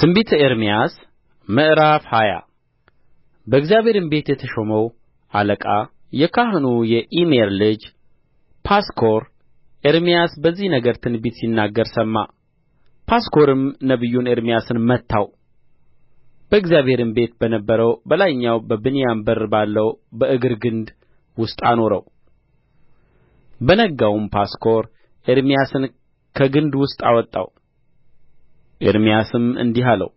ትንቢተ ኤርምያስ ምዕራፍ ሃያ በእግዚአብሔርም ቤት የተሾመው አለቃ የካህኑ የኢሜር ልጅ ጳስኮር ኤርምያስ በዚህ ነገር ትንቢት ሲናገር ሰማ። ጳስኮርም ነቢዩን ኤርምያስን መታው። በእግዚአብሔርም ቤት በነበረው በላይኛው በብንያም በር ባለው በእግር ግንድ ውስጥ አኖረው። በነጋውም ጳስኮር ኤርምያስን ከግንድ ውስጥ አወጣው ኤርምያስም እንዲህ አለው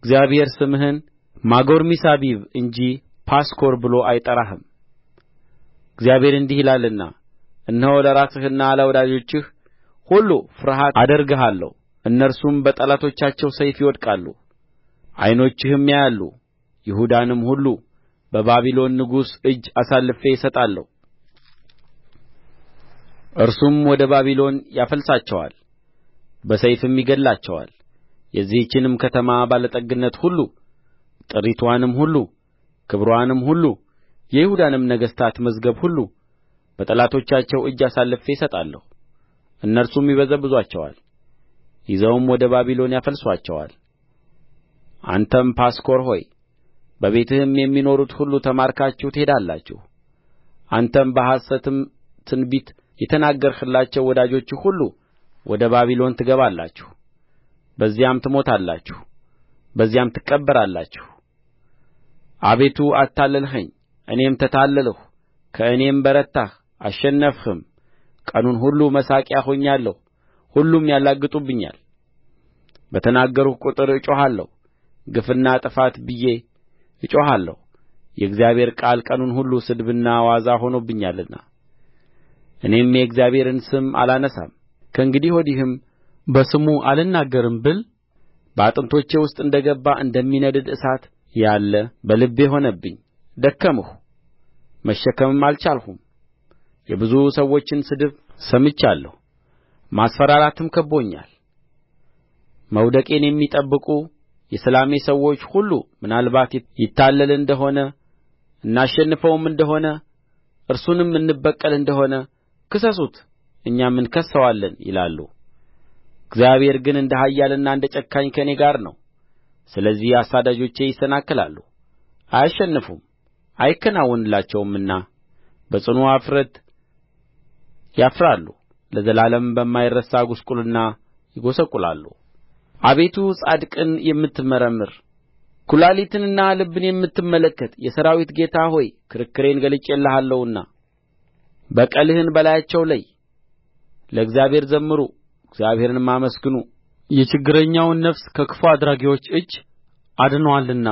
እግዚአብሔር ስምህን ማጎርሚሳቢብ እንጂ ጳስኮር ብሎ አይጠራህም እግዚአብሔር እንዲህ ይላልና እነሆ ለራስህና ለወዳጆችህ ሁሉ ፍርሃት አደርግሃለሁ እነርሱም በጠላቶቻቸው ሰይፍ ይወድቃሉ ዓይኖችህም ያያሉ ይሁዳንም ሁሉ በባቢሎን ንጉሥ እጅ አሳልፌ እሰጣለሁ እርሱም ወደ ባቢሎን ያፈልሳቸዋል በሰይፍም ይገድላቸዋል የዚህችንም ከተማ ባለጠግነት ሁሉ ጥሪትዋንም ሁሉ ክብርዋንም ሁሉ የይሁዳንም ነገሥታት መዝገብ ሁሉ በጠላቶቻቸው እጅ አሳልፌ እሰጣለሁ እነርሱም ይበዘብዙአቸዋል ይዘውም ወደ ባቢሎን ያፈልሱአቸዋል አንተም ጳስኮር ሆይ በቤትህም የሚኖሩት ሁሉ ተማርካችሁ ትሄዳላችሁ አንተም በሐሰትም ትንቢት የተናገርህላቸው ወዳጆችህ ሁሉ ወደ ባቢሎን ትገባላችሁ በዚያም ትሞታላችሁ በዚያም ትቀበራላችሁ አቤቱ አታለልኸኝ እኔም ተታለልሁ ከእኔም በረታህ አሸነፍህም ቀኑን ሁሉ መሳቂያ ሆኛለሁ ሁሉም ያላግጡብኛል በተናገርሁ ቍጥር እጮኻለሁ ግፍና ጥፋት ብዬ እጮኻለሁ የእግዚአብሔር ቃል ቀኑን ሁሉ ስድብና ዋዛ ሆኖብኛልና እኔም የእግዚአብሔርን ስም አላነሣም ከእንግዲህ ወዲህም በስሙ አልናገርም ብል በአጥንቶቼ ውስጥ እንደ ገባ እንደሚነድድ እሳት ያለ በልቤ ሆነብኝ ደከምሁ መሸከምም አልቻልሁም የብዙ ሰዎችን ስድብ ሰምቻለሁ ማስፈራራትም ከብቦኛል መውደቄን የሚጠብቁ የሰላሜ ሰዎች ሁሉ ምናልባት ይታለል እንደ ሆነ እናሸንፈውም እንደ ሆነ እርሱንም እንበቀል እንደ ሆነ ክሰሱት እኛም እንከስሰዋለን ይላሉ እግዚአብሔር ግን እንደ ኃያልና እንደ ጨካኝ ከእኔ ጋር ነው ስለዚህ አሳዳጆቼ ይሰናከላሉ አያሸንፉም አይከናወንላቸውምና በጽኑ እፍረት ያፍራሉ ለዘላለምም በማይረሳ ጕስቍልና ይጐሰቍላሉ አቤቱ ጻድቅን የምትመረምር ኵላሊትንና ልብን የምትመለከት የሠራዊት ጌታ ሆይ ክርክሬን ገልጬልሃለሁና በቀልህን በላያቸው ለይ ለእግዚአብሔር ዘምሩ እግዚአብሔርንም አመስግኑ የችግረኛውን ነፍስ ከክፉ አድራጊዎች እጅ አድኖአልና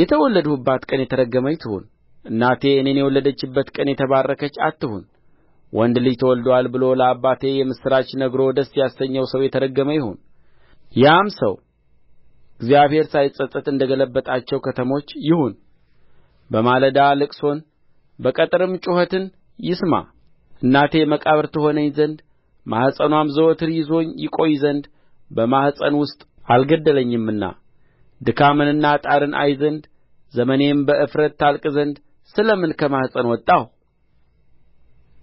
የተወለድሁባት ቀን የተረገመች ትሁን እናቴ እኔን የወለደችበት ቀን የተባረከች አትሁን ወንድ ልጅ ተወልዶአል ብሎ ለአባቴ የምስራች ነግሮ ደስ ያሰኘው ሰው የተረገመ ይሁን ያም ሰው እግዚአብሔር ሳይጸጸት እንደ ገለበጣቸው ከተሞች ይሁን በማለዳ ልቅሶን በቀትርም ጩኸትን ይስማ እናቴ መቃብር ትሆነኝ ዘንድ ማኅፀንዋም ዘወትር ይዞኝ ይቈይ ዘንድ በማኅፀን ውስጥ አልገደለኝምና ድካምንና ጣርን አይ ዘንድ ዘመኔም በእፍረት ታልቅ ዘንድ ስለ ምን ከማኅፀን ወጣሁ